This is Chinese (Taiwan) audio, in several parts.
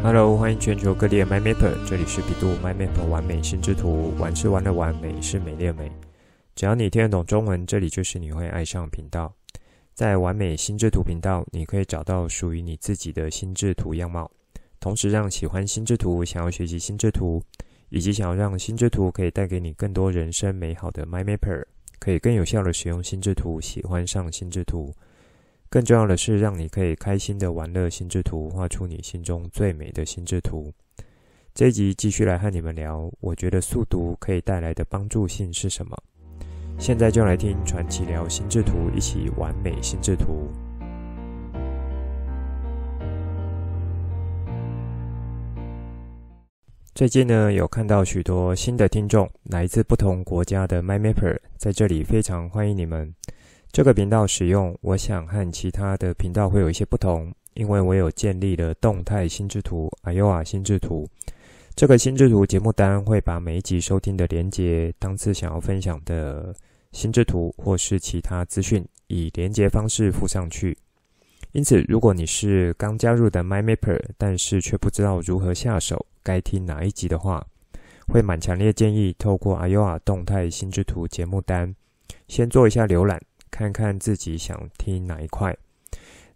哈嘍，Hello, 歡迎全球各地的 MyMapper，這裡是 bEDU MyMapper 玩美心智圖，玩是玩的玩，美是美麗的美。只要你聽得懂中文，這裡就是你會愛上的頻道。在玩美心智圖頻道，你可以找到屬於你自己的心智圖樣貌，同時讓喜歡心智圖、想要學習心智圖，以及想要讓心智圖可以帶給你更多人生美好的 MyMapper，可以更有效地使用心智圖，喜歡上心智圖。更重要的是，讓你可以開心的玩樂心智圖，畫出你心中最美的心智圖。這一集繼續來和你們聊，我覺得速讀可以帶來的幫助性是什麼？現在就來聽傳奇聊心智圖，一起玩美心智圖。最近呢，有看到許多新的聽眾，來自不同國家的 My Mapper，在這裡非常歡迎你們。這個頻道使用，我想和其他的頻道會有一些不同，因為我有建立了動態心智圖，AYOA 心智圖。這個心智圖節目單會把每一集收聽的連接，當次想要分享的心智圖或是其他資訊，以連接方式附上去。因此，如果你是剛加入的 MyMapper，但是卻不知道如何下手，該聽哪一集的話，會蠻強烈建議透過 AYOA 動態心智圖節目單，先做一下瀏覽。看看自己想聽哪一塊，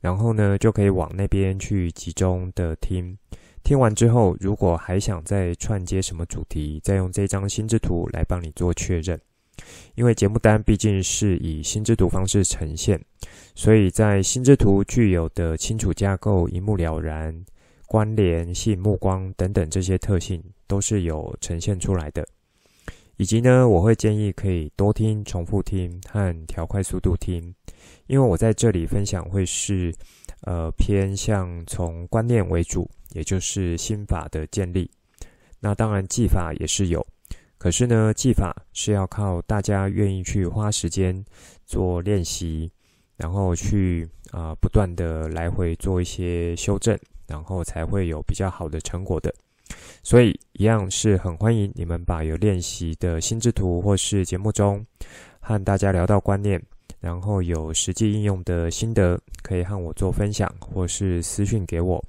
然後呢，就可以往那邊去集中的聽。聽完之後，如果還想再串接什麼主題，再用這張心智圖來幫你做確認。因為節目單畢竟是以心智圖方式呈現，所以在心智圖具有的清楚架構、一目了然、關聯性、目光等等這些特性，都是有呈現出來的。以及呢，我會建議可以多聽、重複聽和調快速度聽，因為我在這裡分享會是，呃，偏向從觀念為主，也就是心法的建立。那當然技法也是有，可是呢，技法是要靠大家願意去花時間做練習，然後去啊、呃、不斷的來回做一些修正，然後才會有比較好的成果的。所以，一樣是很歡迎你們把有練習的心智圖，或是節目中和大家聊到觀念，然後有實際應用的心得，可以和我做分享，或是私訊給我，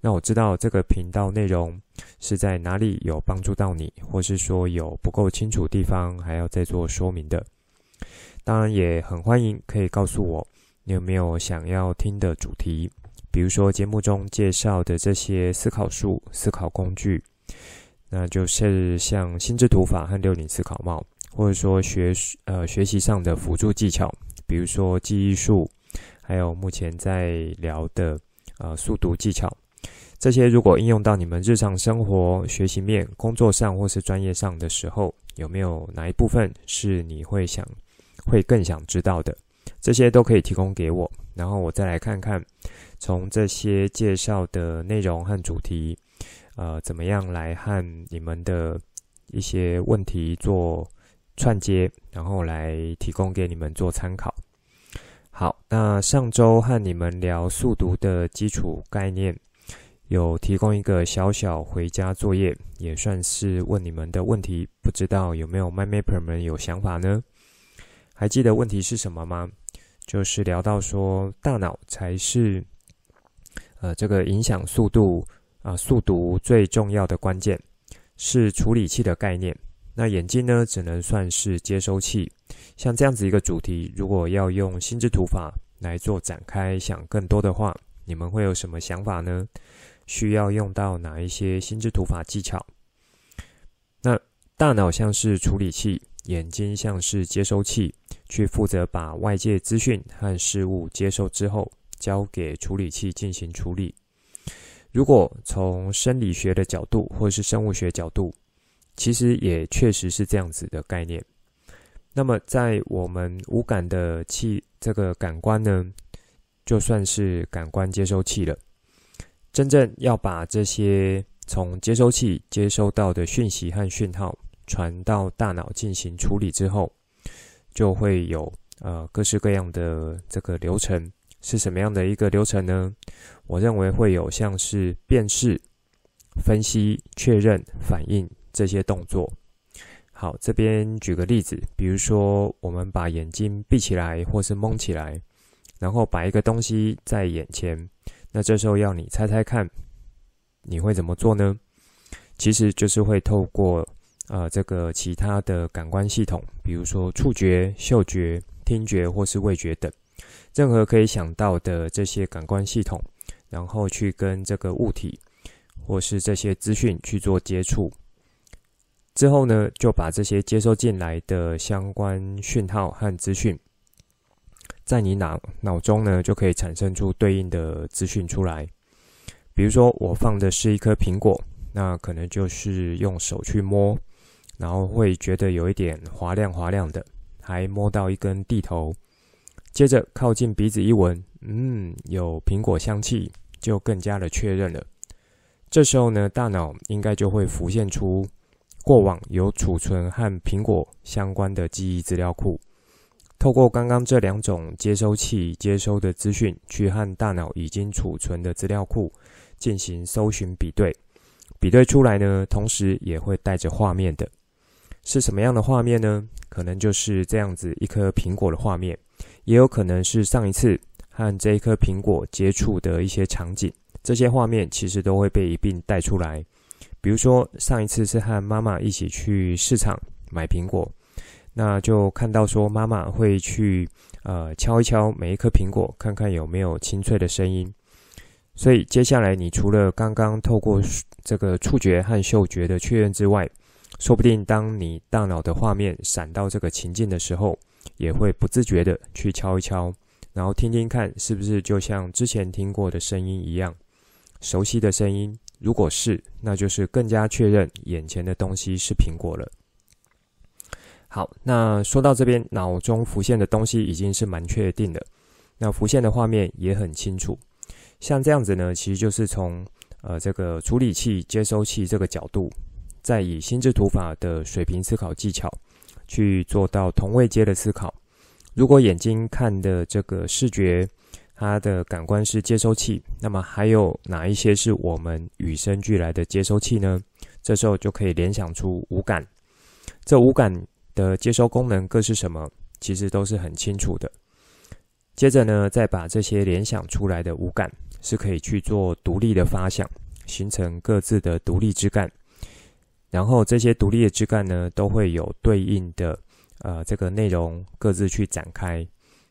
讓我知道這個頻道內容是在哪裡有幫助到你，或是說有不夠清楚地方還要再做說明的。當然，也很歡迎可以告訴我你有沒有想要聽的主題。比如說節目中介紹的這些思考術、思考工具，那就是像心智圖法和六頂思考帽，或者說學呃學習上的輔助技巧，比如說記憶術，還有目前在聊的呃速讀技巧，這些如果應用到你們日常生活、學習面、工作上或是專業上的時候，有沒有哪一部分是你會想會更想知道的？這些都可以提供給我，然後我再來看看。從這些介紹的內容和主題，呃，怎麼樣來和你們的一些問題做串接，然後來提供給你們做參考。好，那上週和你們聊速讀的基礎概念，有提供一個小小回家作業，也算是問你們的問題。不知道有沒有 My Mapper 們有想法呢？還記得問題是什麼嗎？就是聊到說大腦才是。呃，這個影響速度啊、呃，速讀最重要的關鍵是處理器的概念。那眼睛呢，只能算是接收器。像這樣子一個主題，如果要用心智圖法來做展開，想更多的話，你們會有什麼想法呢？需要用到哪一些心智圖法技巧？那大腦像是處理器，眼睛像是接收器，去負責把外界資訊和事物接收之後。交給處理器進行處理。如果從生理學的角度或是生物學角度，其實也確實是這樣子的概念。那麼，在我們五感的器這個感官呢，就算是感官接收器了。真正要把這些從接收器接收到的訊息和訊號傳到大腦進行處理之後，就會有呃各式各樣的這個流程。是什麼樣的一個流程呢？我認為會有像是辨識、分析、確認、反應這些動作。好，這邊舉個例子，比如說我們把眼睛閉起來或是蒙起來，然後擺一個東西在眼前，那這時候要你猜猜看，你會怎麼做呢？其實就是會透過啊、呃、這個其他的感官系統，比如說觸覺、嗅覺、聽覺或是味覺等。任何可以想到的這些感官系統，然後去跟這個物體或是這些資訊去做接觸，之後呢，就把這些接收進來的相關訊號和資訊，在你腦腦中呢，就可以產生出對應的資訊出來。比如說，我放的是一顆蘋果，那可能就是用手去摸，然後會覺得有一點滑亮滑亮的，還摸到一根蒂頭。接着靠近鼻子一聞，嗯，有蘋果香氣，就更加的確認了。這時候呢，大腦應該就會浮現出過往有儲存和蘋果相關的記憶資料庫。透過剛剛這兩種接收器接收的資訊，去和大腦已經儲存的資料庫進行搜尋比對。比對出來呢，同時也會帶着畫面的，是什麼樣的畫面呢？可能就是這樣子一顆蘋果的畫面。也有可能是上一次和這一顆蘋果接觸的一些場景，這些畫面其實都會被一併帶出來。比如說，上一次是和媽媽一起去市場買蘋果，那就看到說媽媽會去呃敲一敲每一顆蘋果，看看有沒有清脆的聲音。所以接下來，你除了剛剛透過這個觸覺和嗅覺的確認之外，說不定當你大腦的畫面閃到這個情境的時候，也會不自覺地去敲一敲，然後聽聽看是不是就像之前聽過的聲音一樣，熟悉的聲音。如果是，那就是更加確認眼前的東西是蘋果了。好，那說到這邊，腦中浮現的東西已經是蠻確定的，那浮現的畫面也很清楚。像這樣子呢，其實就是從呃這個處理器接收器這個角度，再以心智圖法的水平思考技巧。去做到同位階的思考。如果眼睛看的這個視覺，它的感官是接收器，那麼還有哪一些是我們與生俱來的接收器呢？這時候就可以聯想出五感。這五感的接收功能各是什麼？其實都是很清楚的。接着呢，再把這些聯想出來的五感，是可以去做獨立的發想，形成各自的獨立枝幹。然後這些獨立的枝幹呢，都會有對應的呃這個內容各自去展開。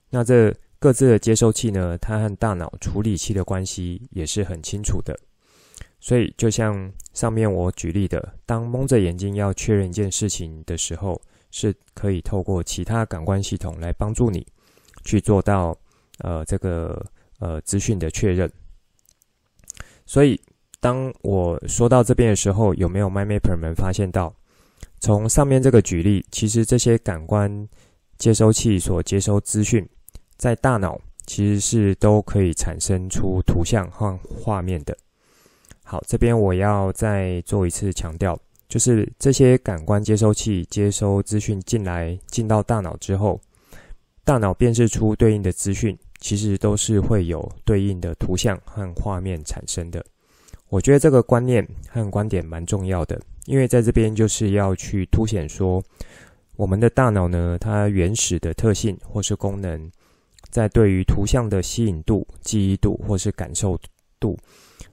那這各自的接收器呢，它和大腦處理器的關係也是很清楚的。所以就像上面我舉例的，當矇着眼睛要確認一件事情的時候，是可以透過其他感官系統來幫助你去做到呃這個呃資訊的確認。所以。當我說到這邊的時候，有沒有 MyMapper 們發現到，從上面這個舉例，其實這些感官接收器所接收資訊，在大腦其實是都可以產生出圖像和畫面的。好，這邊我要再做一次強調，就是這些感官接收器接收資訊進來，進到大腦之後，大腦辨識出對應的資訊，其實都是會有對應的圖像和畫面產生的。我覺得這個觀念和觀點蠻重要的，因為在這邊就是要去凸顯說，我們的大腦呢，它原始的特性或是功能，在對於圖像的吸引度、記憶度或是感受度，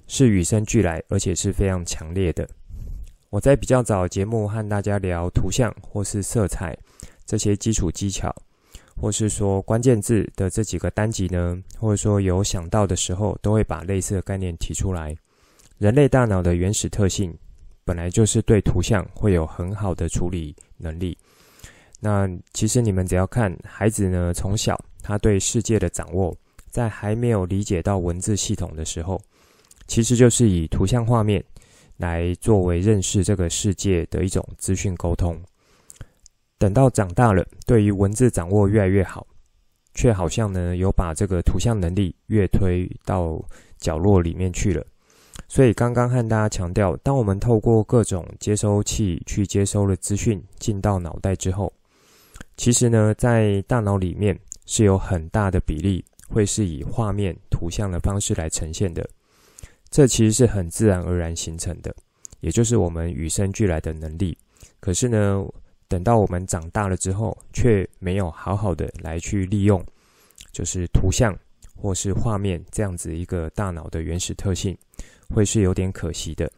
是與生俱來，而且是非常強烈的。我在比較早節目和大家聊圖像或是色彩這些基礎技巧，或是說關鍵字的這幾個單集呢，或者說有想到的時候，都會把類似的概念提出來。人類大腦的原始特性，本來就是對圖像會有很好的處理能力。那其實你們只要看孩子呢，從小他對世界的掌握，在還沒有理解到文字系統的時候，其實就是以圖像畫面來作為認識這個世界的一種資訊溝通。等到長大了，對於文字掌握越來越好，卻好像呢有把這個圖像能力越推到角落裡面去了。所以，剛剛和大家強調，當我們透過各種接收器去接收了資訊進到腦袋之後，其實呢，在大腦裡面是有很大的比例會是以畫面、圖像的方式來呈現的。這其實是很自然而然形成的，也就是我們與生俱來的能力。可是呢，等到我們長大了之後，卻沒有好好的來去利用，就是圖像或是畫面這樣子一個大腦的原始特性。會是有點可惜的，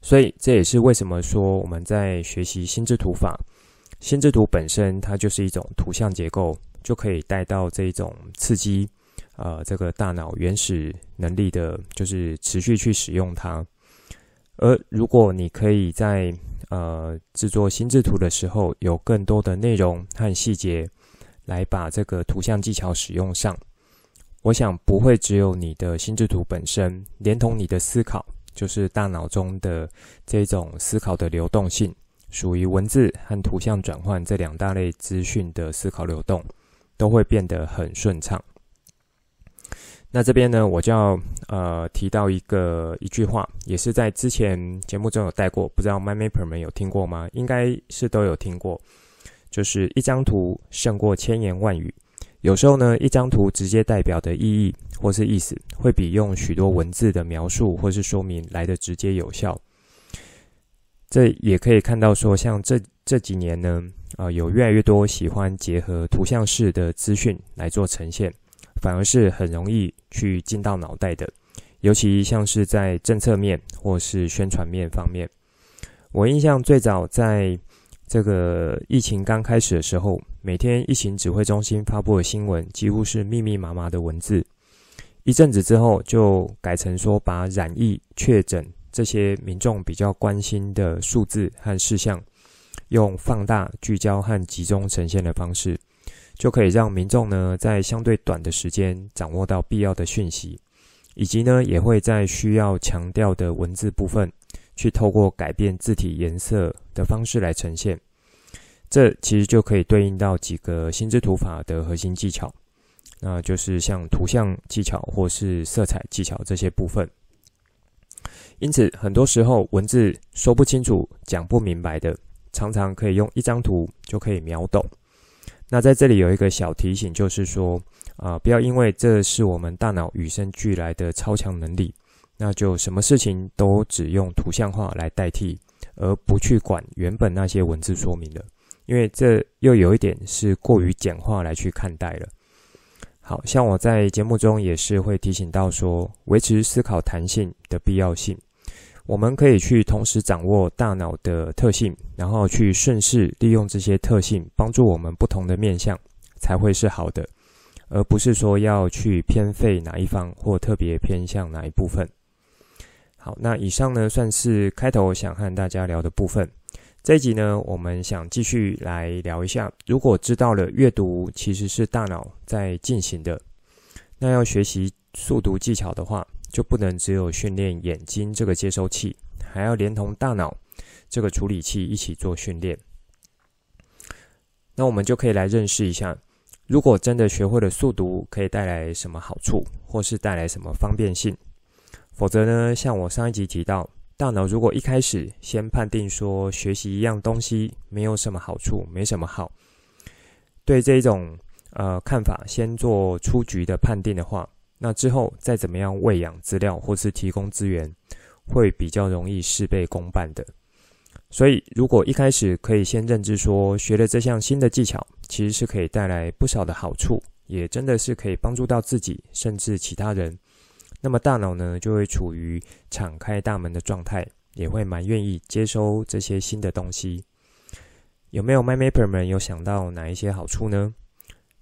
所以這也是為什麼說我們在學習心智圖法，心智圖本身它就是一種圖像結構，就可以帶到這種刺激，呃，這個大腦原始能力的，就是持續去使用它。而如果你可以在呃製作心智圖的時候，有更多的內容和細節，來把這個圖像技巧使用上。我想不會只有你的心智圖本身，連同你的思考，就是大腦中的這種思考的流動性，屬於文字和圖像轉換這兩大類資訊的思考流動，都會變得很順暢。那這邊呢，我就要呃提到一個一句話，也是在之前節目中有帶過，不知道 MyMapper 們有聽過嗎？應該是都有聽過，就是一張圖勝過千言萬語。有時候呢，一張圖直接代表的意義或是意思，會比用許多文字的描述或是說明來得直接有效。這也可以看到說，像這這幾年呢，啊、呃，有越來越多喜歡結合圖像式的資訊來做呈現，反而是很容易去進到腦袋的。尤其像是在政策面或是宣傳面方面，我印象最早在。這個疫情剛開始的時候，每天疫情指揮中心發布的新聞幾乎是密密麻麻的文字。一陣子之後，就改成說把染疫、確診這些民眾比較關心的數字和事項，用放大、聚焦和集中呈現的方式，就可以讓民眾呢在相對短的時間掌握到必要的訊息，以及呢也會在需要強調的文字部分，去透過改變字體顏色。的方式來呈現，這其實就可以對應到幾個心智圖法的核心技巧，那就是像圖像技巧或是色彩技巧這些部分。因此，很多時候文字說不清楚、講不明白的，常常可以用一張圖就可以秒懂。那在這裡有一個小提醒，就是說啊、呃，不要因為這是我們大腦與生俱來的超強能力，那就什麼事情都只用圖像化來代替。而不去管原本那些文字說明了，因為這又有一點是過於簡化來去看待了。好像我在節目中也是會提醒到說，維持思考彈性的必要性。我們可以去同時掌握大腦的特性，然後去順勢利用這些特性，幫助我們不同的面向才會是好的，而不是說要去偏廢哪一方或特別偏向哪一部分。好，那以上呢算是開頭想和大家聊的部分。這一集呢，我們想繼續來聊一下，如果知道了閱讀其實是大腦在進行的，那要學習速讀技巧的話，就不能只有訓練眼睛這個接收器，還要連同大腦這個處理器一起做訓練。那我們就可以來認識一下，如果真的學會了速讀，可以帶來什麼好處，或是帶來什麼方便性。否則呢，像我上一集提到，大腦如果一開始先判定說學習一樣東西沒有什麼好處、沒什麼好，對這一種呃看法先做出局的判定的話，那之後再怎麼樣餵養資料或是提供資源，會比較容易事倍功半的。所以，如果一開始可以先認知說學了這項新的技巧，其實是可以帶來不少的好處，也真的是可以幫助到自己，甚至其他人。那麼大腦呢，就會處於敞開大門的狀態，也會蠻願意接收這些新的東西。有沒有 MyMaper 們有想到哪一些好處呢？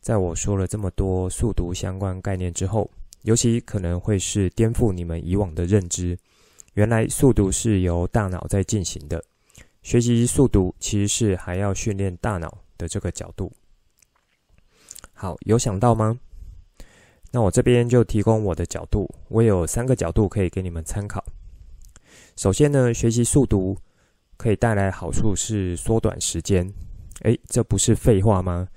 在我說了這麼多速讀相關概念之後，尤其可能會是顛覆你們以往的認知。原來速讀是由大腦在進行的，學習速讀其實是還要訓練大腦的這個角度。好，有想到嗎？那我這邊就提供我的角度，我有三個角度可以給你們參考。首先呢，學習速讀可以帶來好處是縮短時間。誒，這不是廢話嗎？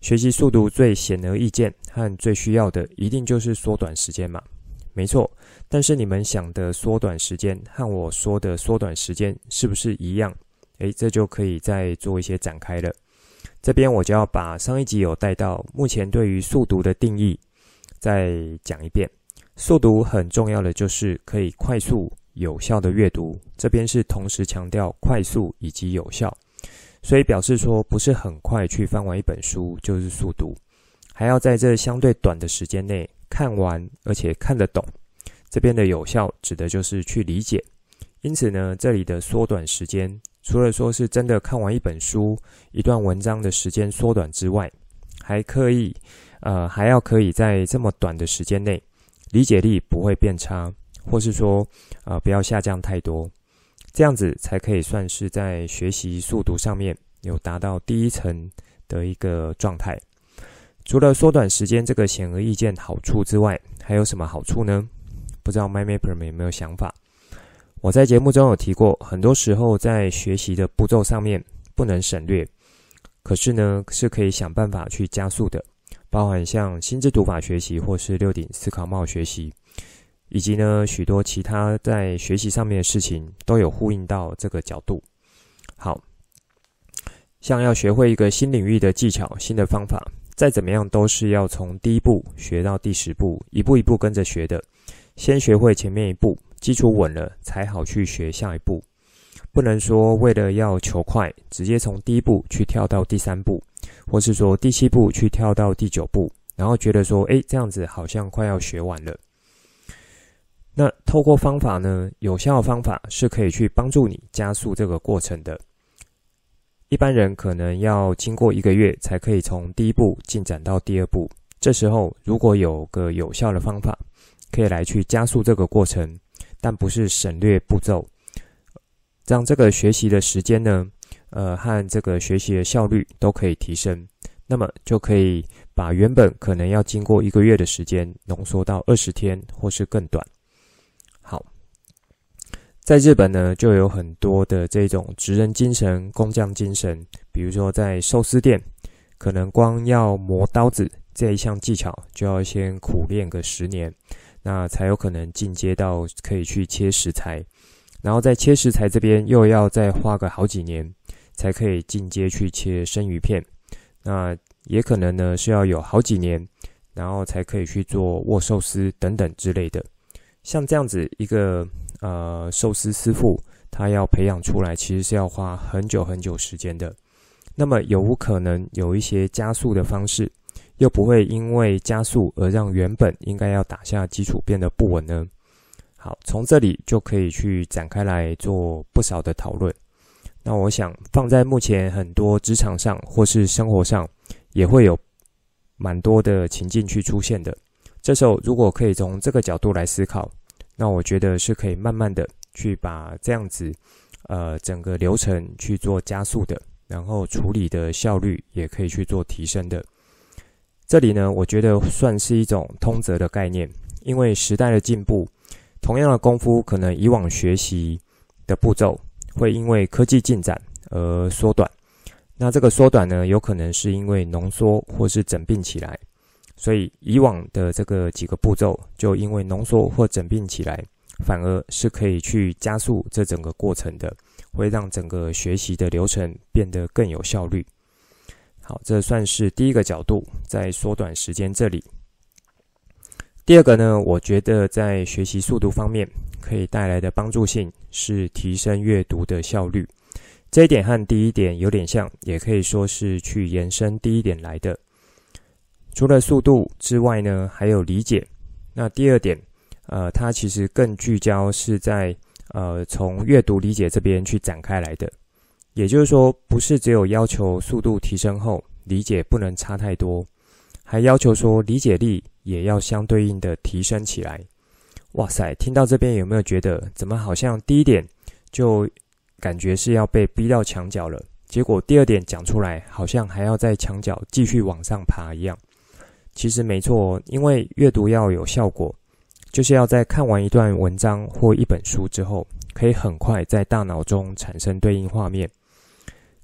學習速讀最顯而易見和最需要的一定就是縮短時間嘛。沒錯，但是你們想的縮短時間和我說的縮短時間是不是一樣？誒，這就可以再做一些展開了。這邊我就要把上一集有帶到目前對於速讀的定義。再講一遍，速讀很重要的就是可以快速有效的閱讀。這邊是同時強調快速以及有效，所以表示說不是很快去翻完一本書就是速讀，還要在這相對短的時間內看完而且看得懂。這邊的有效指的就是去理解。因此呢，這裡的縮短時間，除了說是真的看完一本書、一段文章的時間縮短之外，還刻意。呃，還要可以在這麼短的時間內，理解力不會變差，或是說，呃，不要下降太多，這樣子才可以算是在學習速讀上面有達到第一層的一個狀態。除了縮短時間這個顯而易見好處之外，還有什麼好處呢？不知道 Mymaper 們有沒有想法？我在節目中有提過，很多時候在學習的步驟上面不能省略，可是呢，是可以想辦法去加速的。包含像心智圖法學習，或是六頂思考帽學習，以及呢許多其他在學習上面的事情，都有呼應到這個角度。好，像要學會一個新領域的技巧、新的方法，再怎麼樣都是要從第一步學到第十步，一步一步跟着學的。先學會前面一步，基礎穩了才好去學下一步。不能說為了要求快，直接從第一步去跳到第三步。或是說第七步去跳到第九步，然後覺得說，誒，這樣子好像快要學完了。那透過方法呢，有效的方法是可以去幫助你加速這個過程的。一般人可能要經過一個月才可以從第一步進展到第二步，這時候如果有個有效的方法，可以來去加速這個過程，但不是省略步驟，讓這，這個學習的時間呢，呃，和這個學習的效率都可以提升，那麼就可以把原本可能要經過一個月的時間，濃縮到二十天或是更短。好，在日本呢，就有很多的這種職人精神、工匠精神。比如說，在壽司店，可能光要磨刀子這一項技巧，就要先苦練個十年，那才有可能進階到可以去切食材，然後在切食材這邊又要再花個好幾年。才可以進階去切生魚片，那也可能呢是要有好幾年，然後才可以去做握壽司等等之類的。像這樣子一個呃壽司師傅，他要培養出來，其實是要花很久很久時間的。那麼有無可能有一些加速的方式，又不會因為加速而讓原本應該要打下基礎變得不穩呢？好，從這裡就可以去展開來做不少的討論。那我想放在目前很多職場上或是生活上，也會有蠻多的情境去出現的。這時候如果可以從這個角度來思考，那我覺得是可以慢慢的去把這樣子，呃，整個流程去做加速的，然後處理的效率也可以去做提升的。這裡呢，我覺得算是一種通則的概念，因為時代的進步，同樣的功夫可能以往學習的步驟，會因為科技進展而縮短，那這個縮短呢，有可能是因為濃縮或是整併起來，所以以往的這個幾個步驟，就因為濃縮或整併起來，反而是可以去加速這整個過程的，會讓整個學習的流程變得更有效率。好，這算是第一個角度，在縮短時間這裡。第二個呢，我覺得在學習速度方面可以帶來的幫助性是提升閱讀的效率，這一點和第一點有點像，也可以說是去延伸第一點來的。除了速度之外呢，還有理解。那第二點，呃，它其實更聚焦是在，呃，從閱讀理解這邊去展開來的，也就是說，不是只有要求速度提升後，理解不能差太多，還要求說理解力。也要相對應的提升起來。哇塞，聽到這邊有沒有覺得，怎麼好像第一點就感覺是要被逼到牆角了？結果第二點講出來，好像還要在牆角繼續往上爬一樣。其實沒錯，因為閱讀要有效果，就是要在看完一段文章或一本書之後，可以很快在大腦中產生對應畫面。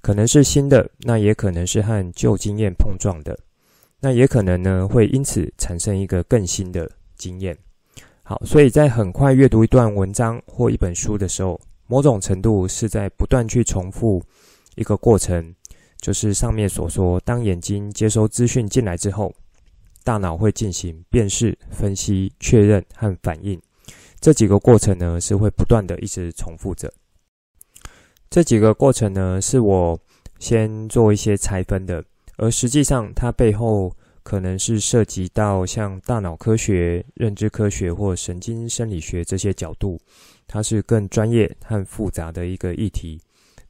可能是新的，那也可能是和舊經驗碰撞的。那也可能呢，會因此產生一個更新的經驗。好，所以在很快閱讀一段文章或一本書的時候，某種程度是在不斷去重複一個過程，就是上面所說，當眼睛接收資訊進來之後，大腦會進行辨識、分析、確認和反應。這幾個過程呢，是會不斷的一直重複着。這幾個過程呢，是我先做一些拆分的。而實際上，它背後可能是涉及到像大腦科學、認知科學或神經生理學這些角度，它是更專業和複雜的一個議題。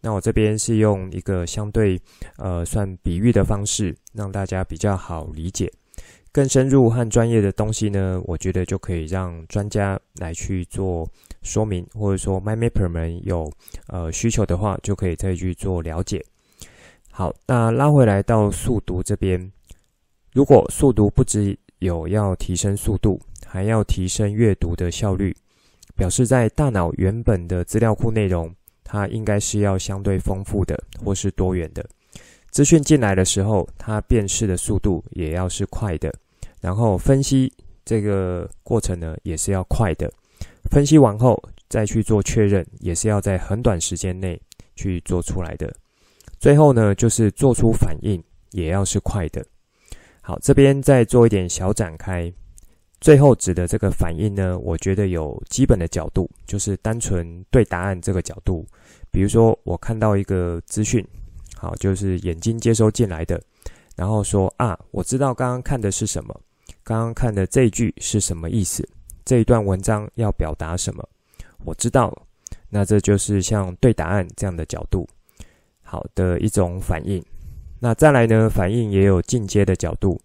那我這邊是用一個相對呃算比喻的方式，讓大家比較好理解。更深入和專業的東西呢，我覺得就可以讓專家來去做說明，或者說 Mind Mapper 們有呃需求的話，就可以再去做了解。好，那拉回來到速讀這邊，如果速讀不只有要提升速度，還要提升閱讀的效率，表示在大腦原本的資料庫內容，它應該是要相對豐富的或是多元的。資訊進來的時候，它辨識的速度也要是快的，然後分析這個過程呢，也是要快的。分析完後再去做確認，也是要在很短時間內去做出來的。最後呢，就是做出反應也要是快的。好，這邊再做一點小展開。最後指的這個反應呢，我覺得有基本的角度，就是單純對答案這個角度。比如說，我看到一個資訊，好，就是眼睛接收進來的，然後說啊，我知道剛剛看的是什麼，剛剛看的這一句是什麼意思，這一段文章要表達什麼，我知道了，那這就是像對答案這樣的角度，的一種反應，那再來呢？反應也有進階的角度，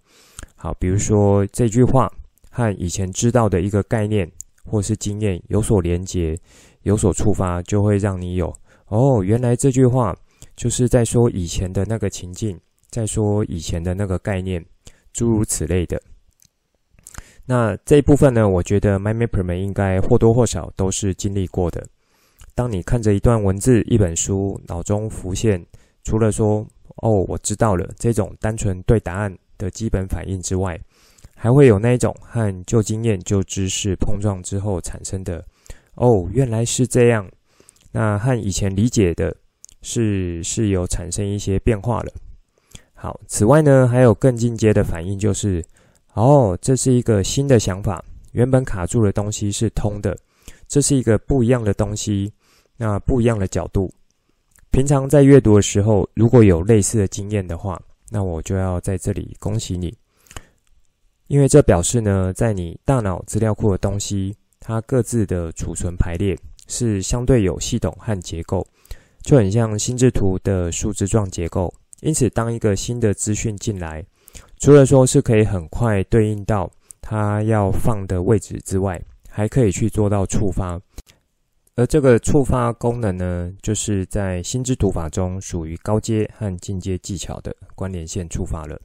好，比如說這句話和以前知道的一個概念或是經驗有所連結、有所觸發，就會讓你有哦，原來這句話就是在說以前的那個情境，在說以前的那個概念，諸如此類的。那這一部分呢，我覺得 MyMapper 們應該或多或少都是經歷過的。當你看着一段文字、一本書，腦中浮現，除了說“哦，我知道了”這種單純對答案的基本反應之外，還會有那種和舊經驗、舊知識碰撞之後產生的“哦，原來是這樣”，那和以前理解的是是有產生一些變化了。好，此外呢，還有更進階的反應，就是“哦，這是一個新的想法，原本卡住的東西是通的，這是一個不一樣的東西。”那不一樣的角度，平常在閱讀的時候，如果有類似的經驗的話，那我就要在這裡恭喜你，因為這表示呢，在你大腦資料庫的東西，它各自的儲存排列是相對有系統和結構，就很像心智圖的樹枝狀結構。因此，當一個新的資訊進來，除了說是可以很快對應到它要放的位置之外，還可以去做到觸發。而這個觸發功能呢，就是在心智圖法中屬於高階和進階技巧的關聯線觸發了。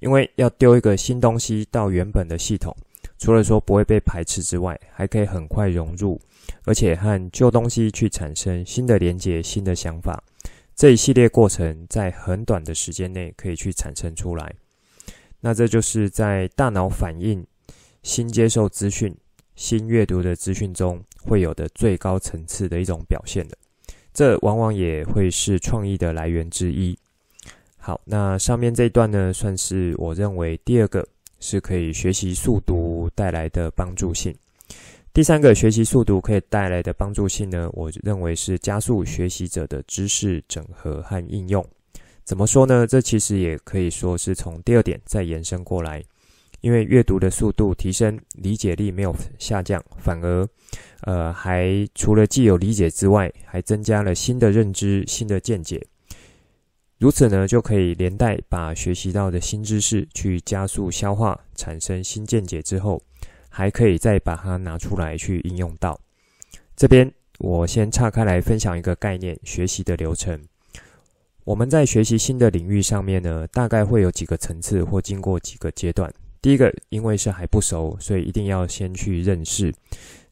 因為要丟一個新東西到原本的系統，除了說不會被排斥之外，還可以很快融入，而且和舊東西去產生新的連接、新的想法，這一系列過程在很短的時間內可以去產生出來。那這就是在大腦反應新接受資訊。新閱讀的資訊中會有的最高層次的一種表現的，這往往也會是創意的來源之一。好，那上面這一段呢，算是我認為第二個是可以學習速讀帶來的幫助性。第三個學習速讀可以帶來的幫助性呢，我認為是加速學習者的知識整合和應用。怎麼說呢？這其實也可以說是從第二點再延伸過來。因為閱讀的速度提升，理解力沒有下降，反而，呃，還除了既有理解之外，還增加了新的認知、新的見解。如此呢，就可以連帶把學習到的新知識去加速消化，產生新見解之後，還可以再把它拿出來去應用到。這邊我先岔開來分享一個概念：學習的流程。我們在學習新的領域上面呢，大概會有幾個層次或經過幾個階段。第一個，因為是還不熟，所以一定要先去認識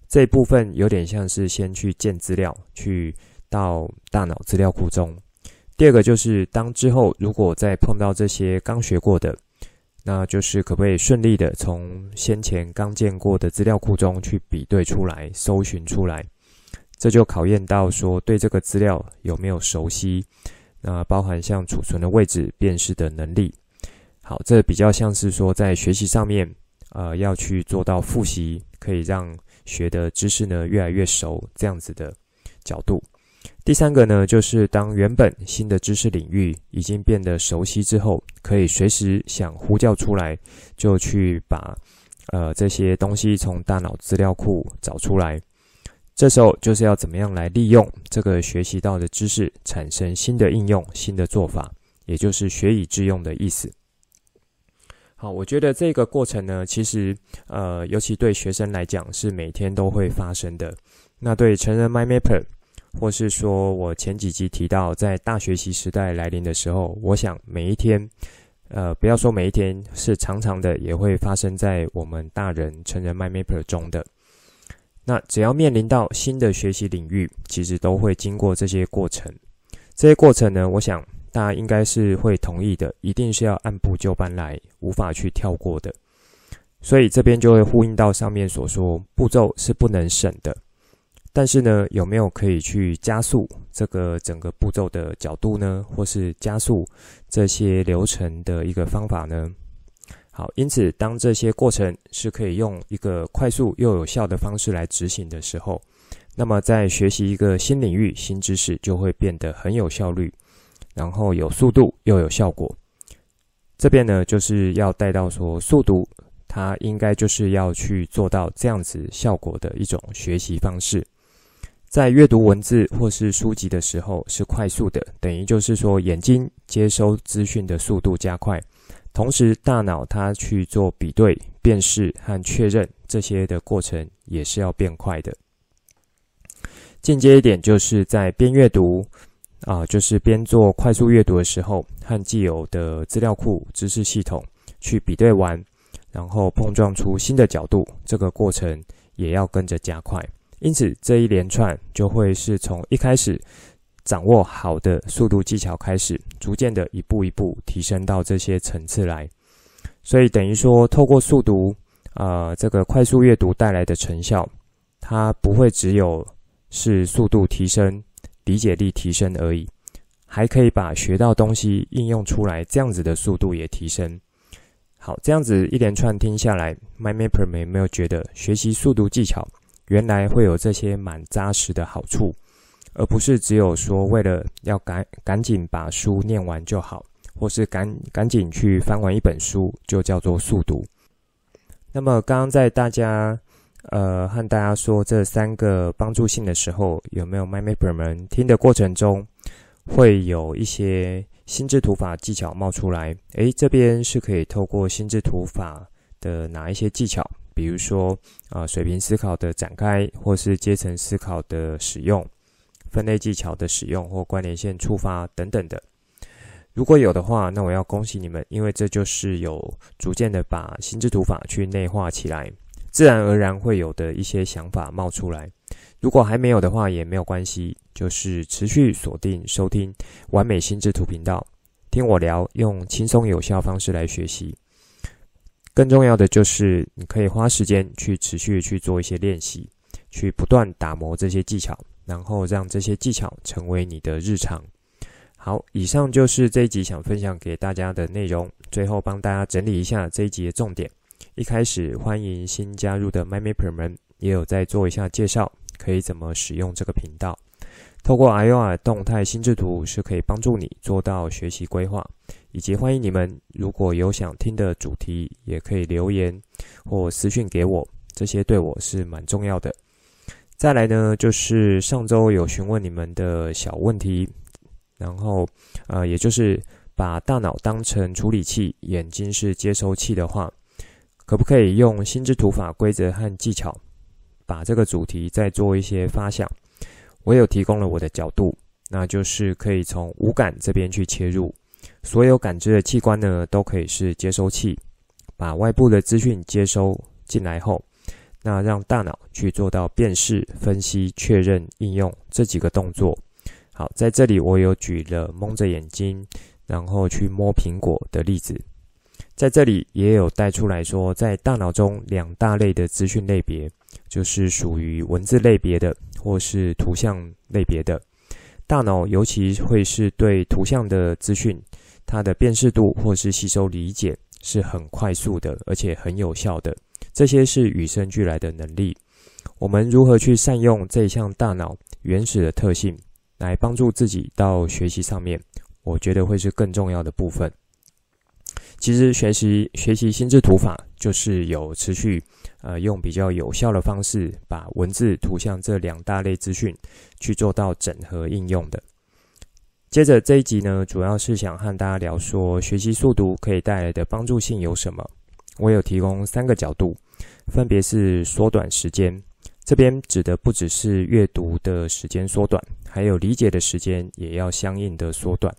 這一部分，有點像是先去建資料，去到大腦資料庫中。第二個就是，當之後如果再碰到這些剛學過的，那就是可不可以順利的從先前剛見過的資料庫中去比對出來、搜尋出來，這就考驗到說對這個資料有沒有熟悉，那包含像儲存的位置、辨識的能力。好，這比較像是說，在學習上面，呃，要去做到復習，可以讓學的知識呢越來越熟，這樣子的角度。第三個呢，就是當原本新的知識領域已經變得熟悉之後，可以隨時想呼叫出來，就去把呃這些東西從大腦資料庫找出來。這時候就是要怎麼樣來利用這個學習到的知識，產生新的應用、新的做法，也就是學以致用的意思。好，我覺得這個過程呢，其實呃，尤其對學生來講是每天都會發生的。那對成人 Mind Mapper，或是說我前幾集提到，在大學習時代來臨的時候，我想每一天，呃，不要說每一天是常常的，也會發生在我們大人成人 Mind Mapper 中的。那只要面臨到新的學習領域，其實都會經過這些過程。這些過程呢，我想。大家應該是會同意的，一定是要按部就班來，無法去跳過的。所以這邊就會呼應到上面所說，步驟是不能省的。但是呢，有沒有可以去加速這個整個步驟的角度呢？或是加速這些流程的一個方法呢？好，因此當這些過程是可以用一個快速又有效的方式來執行的時候，那麼在學習一個新領域、新知識就會變得很有效率。然後有速度又有效果，這邊呢就是要帶到說速讀，它應該就是要去做到這樣子效果的一種學習方式。在閱讀文字或是書籍的時候是快速的，等於就是說眼睛接收資訊的速度加快，同時大腦它去做比對、辨識和確認這些的過程也是要變快的。進階一點就是在邊閱讀。啊、呃，就是邊做快速閱讀的時候，和既有的資料庫、知識系統去比對完，然後碰撞出新的角度，這個過程也要跟着加快。因此，這一連串就會是從一開始掌握好的速度技巧開始，逐漸的一步一步提升到這些層次來。所以，等於說，透過速讀，啊、呃，這個快速閱讀帶來的成效，它不會只有是速度提升。理解力提升而已，還可以把學到東西應用出來，這樣子的速度也提升。好，這樣子一連串聽下來，MyMapper 沒沒有覺得學習速讀技巧原來會有這些蠻紮實的好處，而不是只有說為了要趕趕緊把書念完就好，或是趕趕緊去翻完一本書就叫做速讀。那麼剛剛在大家。呃，和大家說這三個幫助性的時候，有沒有 MyMapper 們聽的過程中會有一些心智圖法技巧冒出來？誒，這邊是可以透過心智圖法的哪一些技巧，比如說啊、呃、水平思考的展開，或是階層思考的使用、分類技巧的使用或關聯線觸發等等的。如果有的話，那我要恭喜你們，因為這就是有逐漸的把心智圖法去內化起來。自然而然會有的一些想法冒出來，如果還沒有的話，也沒有關係，就是持續鎖定收聽完美心智圖頻道，聽我聊，用輕鬆有效方式來學習。更重要的就是，你可以花時間去持續去做一些練習，去不斷打磨這些技巧，然後讓這些技巧成為你的日常。好，以上就是這一集想分享給大家的內容，最後幫大家整理一下這一集的重點。一開始歡迎新加入的 MyMapper 們，也有在做一下介紹，可以怎麼使用這個頻道。透過 AYOA 動態心智圖是可以幫助你做到學習規劃，以及歡迎你們如果有想聽的主題，也可以留言或私訊給我，這些對我是蠻重要的。再來呢，就是上周有詢問你們的小問題，然後呃，也就是把大腦當成處理器，眼睛是接收器的話。可不可以用心智圖法規則和技巧，把這個主題再做一些發想？我有提供了我的角度，那就是可以從五感這邊去切入。所有感知的器官呢，都可以是接收器，把外部的資訊接收進來後，那讓大腦去做到辨識、分析、確認、應用這幾個動作。好，在這裡我有舉了蒙着眼睛，然後去摸蘋果的例子。在這裡也有帶出來說，在大腦中兩大類的資訊類別，就是屬於文字類別的，或是圖像類別的。大腦尤其會是對圖像的資訊，它的辨識度或是吸收理解是很快速的，而且很有效的。這些是與生俱來的能力。我們如何去善用這項大腦原始的特性，來幫助自己到學習上面，我覺得會是更重要的部分。其實學習學習心智圖法，就是有持續呃用比較有效的方式，把文字、圖像這兩大類資訊去做到整合應用的。接着這一集呢，主要是想和大家聊說，學習速讀可以帶來的幫助性有什麼。我有提供三個角度，分別是縮短時間，這邊指的不只是閱讀的時間縮短，還有理解的時間也要相應的縮短。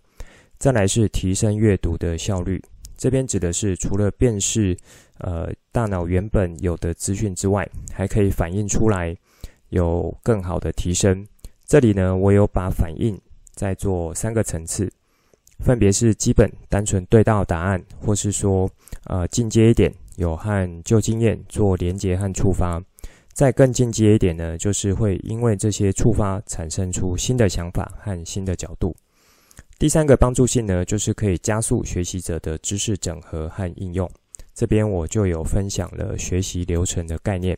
再來是提升閱讀的效率。這邊指的是除了辨識，呃，大腦原本有的資訊之外，還可以反映出來有更好的提升。這裡呢，我有把反應再做三個層次，分別是基本單純對到答案，或是說，呃，進階一點有和舊經驗做連結和觸發，再更進階一點呢，就是會因為這些觸發產生出新的想法和新的角度。第三個幫助性呢，就是可以加速學習者的知識整合和應用。這邊我就有分享了學習流程的概念，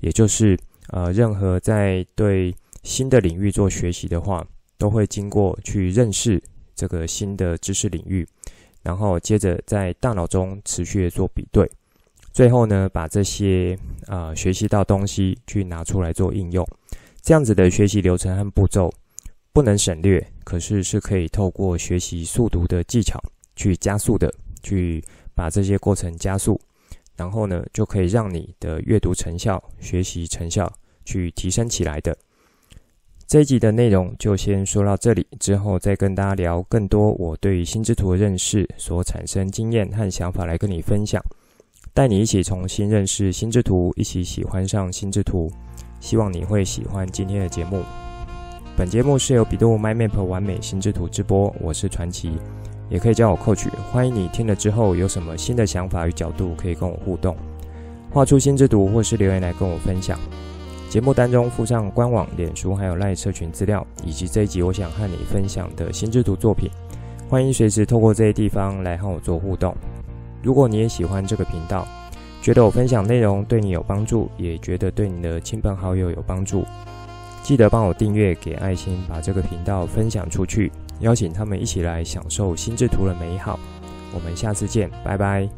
也就是呃，任何在對新的領域做學習的話，都會經過去認識這個新的知識領域，然後接着在大腦中持續的做比對，最後呢，把這些啊，呃，學習到東西去拿出來做應用，這樣子的學習流程和步驟。不能省略，可是是可以透過學習速讀的技巧去加速的，去把這些過程加速，然後呢，就可以讓你的閱讀成效、學習成效去提升起來的。這一集的內容就先說到這裡，之後再跟大家聊更多我對於心智圖的認識、所產生經驗和想法來跟你分享，帶你一起重新認識心智圖，一起喜歡上心智圖。希望你會喜歡今天的節目。本節目是由 bEDU MyMap 玩美心智圖直播，我是傳奇，也可以叫我 Coach。歡迎你聽了之後有什麼新的想法與角度，可以跟我互動，畫出心智圖，或是留言來跟我分享。節目當中附上官網、臉書還有 LINE 社群資料，以及這一集我想和你分享的心智圖作品。歡迎隨時透過這些地方來和我做互動。如果你也喜歡這個頻道，覺得我分享內容對你有幫助，也覺得對你的親朋好友有幫助。記得幫我訂閱，給愛心，把這個頻道分享出去，邀請他們一起來享受心智圖的美好。我們下次見，拜拜。